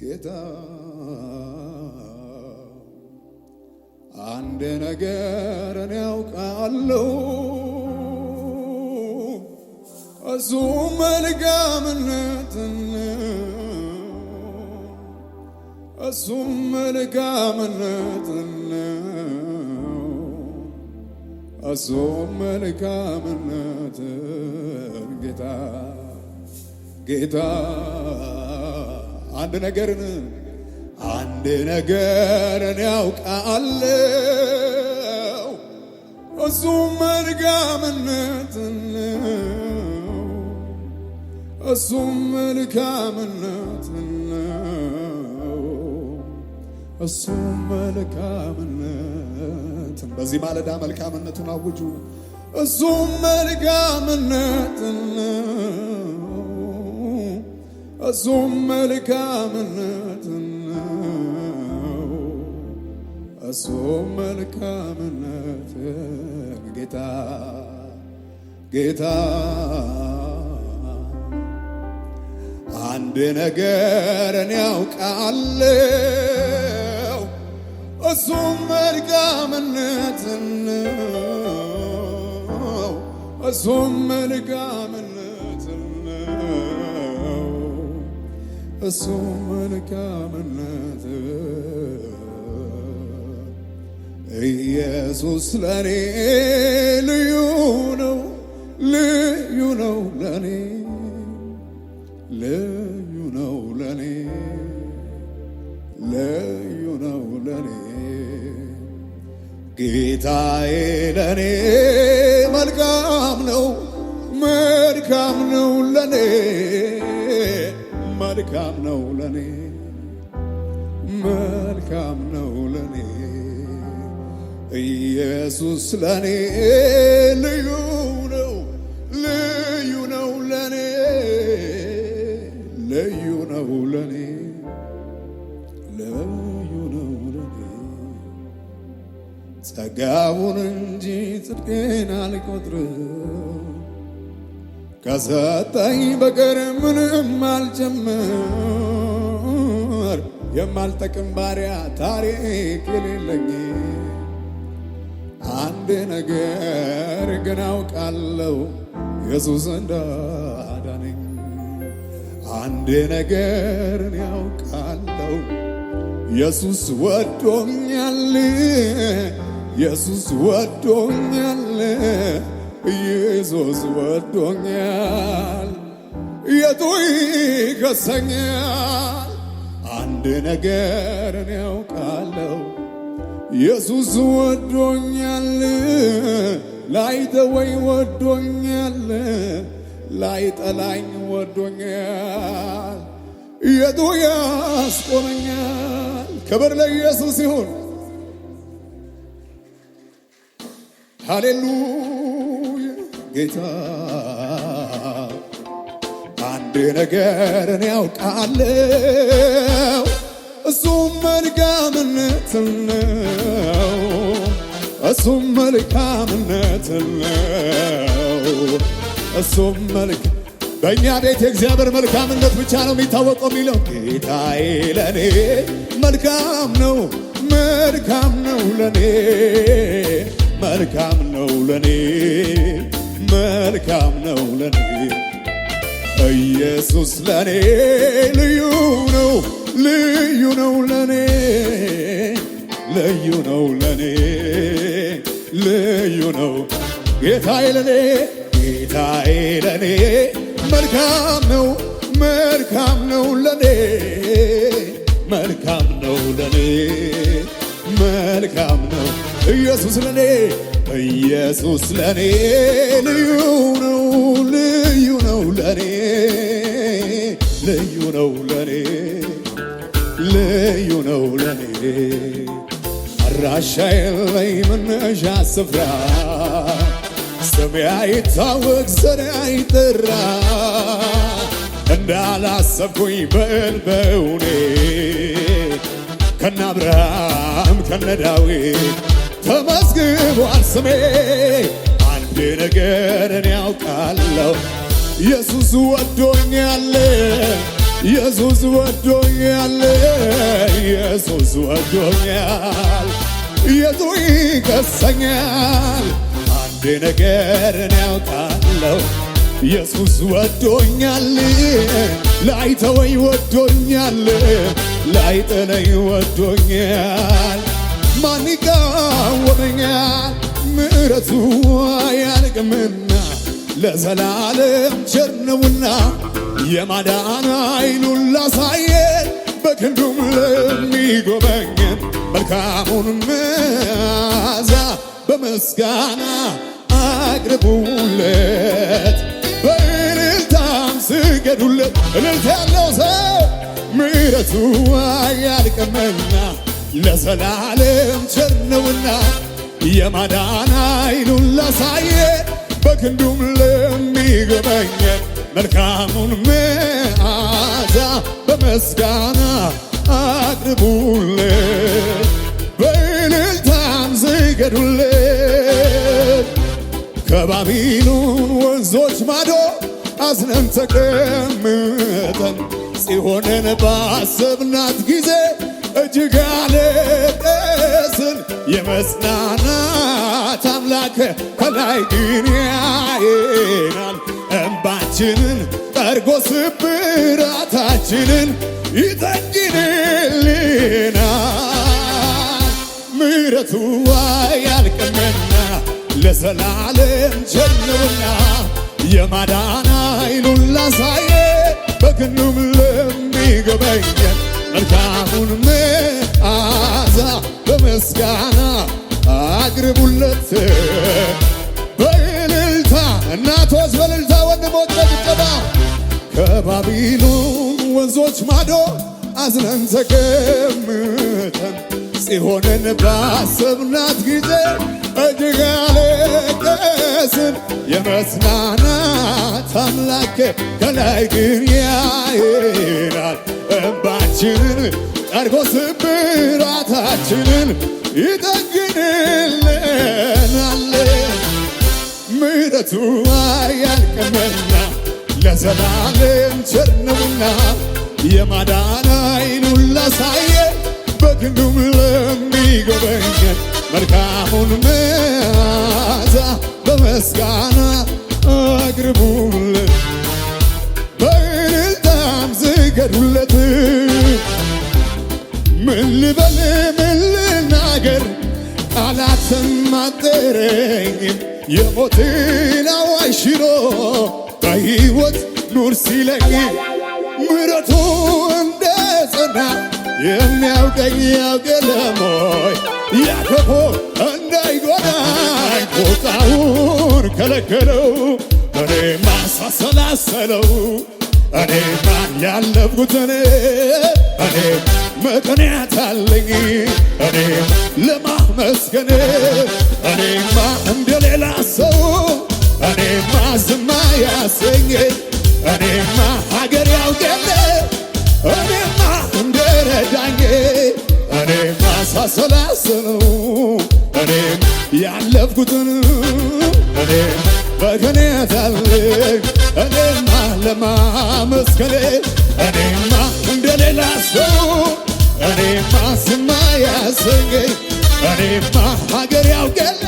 ጌታ አንድ ነገር እኔ ያውቃለሁ እሱም መልካምነትን መልካምነትን መልካምነትን ጌታ ጌታ አንድ ነገርን አንድ ነገርን ያውቃለው እሱ መልካምነትን እሱ መልካምነትን እሱ መልካምነትን በዚህ ማለዳ መልካምነቱን አውጁ እሱ መልካምነትን እሱም መልካምነትን እሱም መልካምነትን ጌታ ጌታ አንድ ነገር እኔ አውቃለሁ እሱም እሱም በሱ መልካምነት ኢየሱስ ለኔ ልዩ ነው፣ ልዩ ነው ለኔ ልዩ ነው ለኔ ልዩ ነው ለኔ ጌታዬ ለኔ መልካም ነው ለኔ መልካም ነው ለኔ ኢየሱስ ለኔ ልዩ ነው ልዩ ነው ለኔ ልዩ ነው ለኔ ልዩ ነው ለኔ ጸጋውን እንጂ ጽድቄን አልቆጥርም ከሰጠኝ በቀር ምንም አልጀምር የማልጠቅም ባሪያ ታሪክ የሌለኝ አንድ ነገር ግን አውቃለሁ ኢየሱስ እንዳዳነኝ አንድ ነገር ያውቃለሁ ኢየሱስ ወዶኛል ኢየሱስ ወዶኛል ኢየሱስ ወዶኛል፣ የቱ ይከሰኛል? አንድ ነገር ያውቃለው ኢየሱስ ወዶኛል፣ ላይተወኝ ወዶኛል፣ ላይጠላኝ ወዶኛል። የቱ ያስቆመኛል? ክብር ለኢየሱስ ይሁን። ሃሌሉ ጌታ አንድ ነገርን ያውቃለው እሱም መልካምነትን ነው እሱም መልካምነትን ነው እሱም መልክ በእኛ ቤት የእግዚአብሔር መልካምነት ብቻ ነው የሚታወቀው የሚለው ጌታዬ ለእኔ መልካም ነው መልካም ነው ለኔ መልካም ነው ለኔ መልካም ነው ለኔ ኢየሱስ ለኔ ልዩ ነው ልዩ ነው ለኔ ልዩ ነው ለኔ ልዩ ነው ጌታዬ ለኔ ጌታዬ ለኔ መልካም ነው መልካም ነው ለኔ መልካም ነው ለኔ መልካም ነው ኢየሱስ ለኔ ኢየሱስ ለኔ ልዩ ነው ልዩ ነው ለኔ ልዩ ነው ለኔ ልዩ ነው ለኔ አድራሻዬ ላይ መነሻ ስፍራ ስሜ አይታወቅ ዘሬ አይጠራ እንዳላሰብኩኝ በልበውኔ ከነ አብርሃም ከነ ዳዊት ተመዝግቧል ስሜ። አንድ ነገር እኔ ያውቃለሁ ኢየሱስ ወዶኛል፣ ኢየሱስ ወዶኛል፣ ኢየሱስ ወዶኛል። የቱ ይከሰኛል? አንድ ነገር እኔ ያውቃለሁ ኢየሱስ ወዶኛል፣ ላይተወኝ ወዶኛል፣ ላይጥለኝ ወዶኛል ማን ወረኛል ምዕረቱ አያልቅምና ለዘላለም ቸርነውና የማዳን አይኑን ላሳየን በክንዱም ለሚጎበኘን መልካሙን መዓዛ በምስጋና አቅርቡለት፣ በእልልታም ስገዱለት። እልልታ ያለው ሰው ምዕረቱ አያልቅምና ለዘላለም ቸርነውና የማዳን ኃይሉን ላሳየ በክንዱም ለሚገበኘ መልካሙን መዓዛ በመስጋና አቅርቡለት፣ በእልልታም ዝገዱለት። ከባቢሎን ወንዞች ማዶ አዝነን ተቀምጠን ጽዮንን ባሰብናት ጊዜ እጅግ አለቀስን የመጽናናት አምላክ ከላይ ግን ያየናል። እንባችንን ጠርጎ ስብራታችንን ይጠግንልናል። ምሕረቱ አያልቅምና ለዘላለም ቸርነቱና የማዳን ኃይሉን ላሳየ በክንዱም ለሚገበኘን መልካሙን መዓዛ በምስጋና አቅርቡለት በእልልታ እናቶች በእልልታ ወንድሞች በጭብጨባ ከባቢሎን ወንዞች ማዶ አዝነን ተቀምጠን ጽዮንን ባሰብናት ጊዜ እጅግ አለቀስን የመጽናናት አምላክ ከላይ ግን ያይናል እምባችንን ጠርጎ ስብራታችንን ይጠግንልናል። ምሕረቱ አያልቅምና ለዘላለም ቸር ነውና የማዳን ዓይኑን ላሳየ በክንዱም ለሚጎበኘን መልካሙን መዓዛ በመስጋና ያልገፈተረኝ የሞትን አዋጅ ሽሮ በሕይወት ኑር ሲለኝ ምሕረቱ እንደ ጸና የሚያውቀኝ ያውቅ የለም ወይ ያ ከለከለው። እኔማ ሳሰላሰለው እኔማ ያለፍኩት እኔ እኔ ምክንያት አለኝ እኔ ለማ ተመስገን እኔማ እንደ ሌላ ሰው እኔማ ዝማ ያሰኝ እኔማ ሀገር ያውገለ እኔማ እንደረዳኝ እኔማ ሳሰላስለው እኔም ያለፍኩትን እኔም በክንያት እኔማ ለማመስገን እኔማ እንደሌላ ሰው እኔማ ዝማ ያሰኝ እኔማ ሀገር ያውቀለ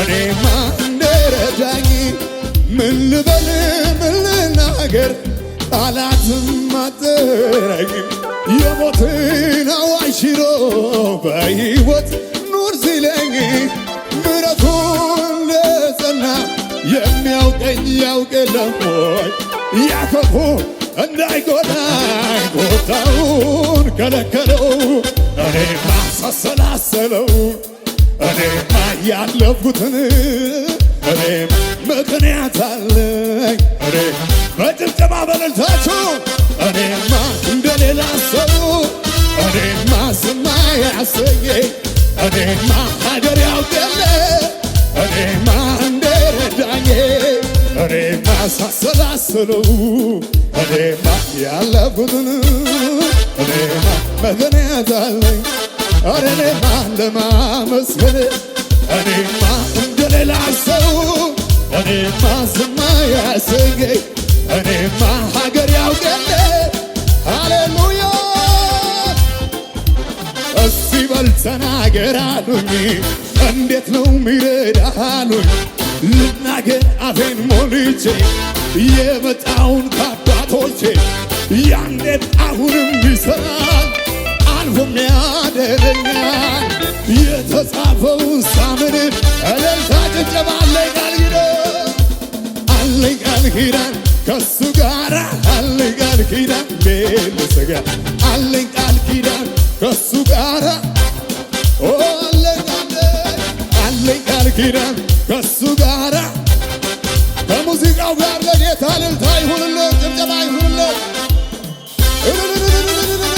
እኔማ እንደረዳኝ ምን ልበል ምን ልናገር ቃላትም አጠረኝ የሞትን አዋጅ በሕይወት ኑር ሲለኝ ምሕረቱ እንደጸና የሚያውቀኝ ያውቀለም ወይ ያዕቆብ እንዳይጎዳኝ ቦታውን ከለከለው አሰላሰለው እኔማ ያለፍኩትን እኔም ምክንያት አለኝ እኔ በጭብጨባ በልልታችሁ እኔማ እንደሌላ ሰው እኔማ ስማ ያሰየኝ እኔማ ሀገር ያውቀለ እኔማ እንደረዳኝ እኔማ ሳሰላሰለው እኔማ ያለፍኩትን እኔማ ምክንያት አለኝ እኔ ማን ለማመስገን እኔማ እንደሌላ ሰው እኔማ ዝም አያሰኘኝ እኔማ ሀገር ያውቀለ ሃሌሉያ እስቲ በል ተናገር አሉኝ እንዴት ነው ሚረዳ አሉኝ ልናገር አፌን ሞልቼ የመጣውን ከአባቶቼ ያንዴት አሁንም ይሰራል ማንሁም ያደረኛል የተጻፈውን ሳምን እለልታ ጭብጨባ አለኝ ቃል ኪዳን አለኝ ቃል ኪዳን ከሱ ጋር አለኝ ቃል ኪዳን ሌልስጋ አለኝ ቃል ኪዳን ከሱ ጋር አለኝ ቃል ኪዳን ከሱ ጋር ከሙዚቃው ጋር ለጌታ እልልታ ይሁንለት ጭብጨባ ይሁንለት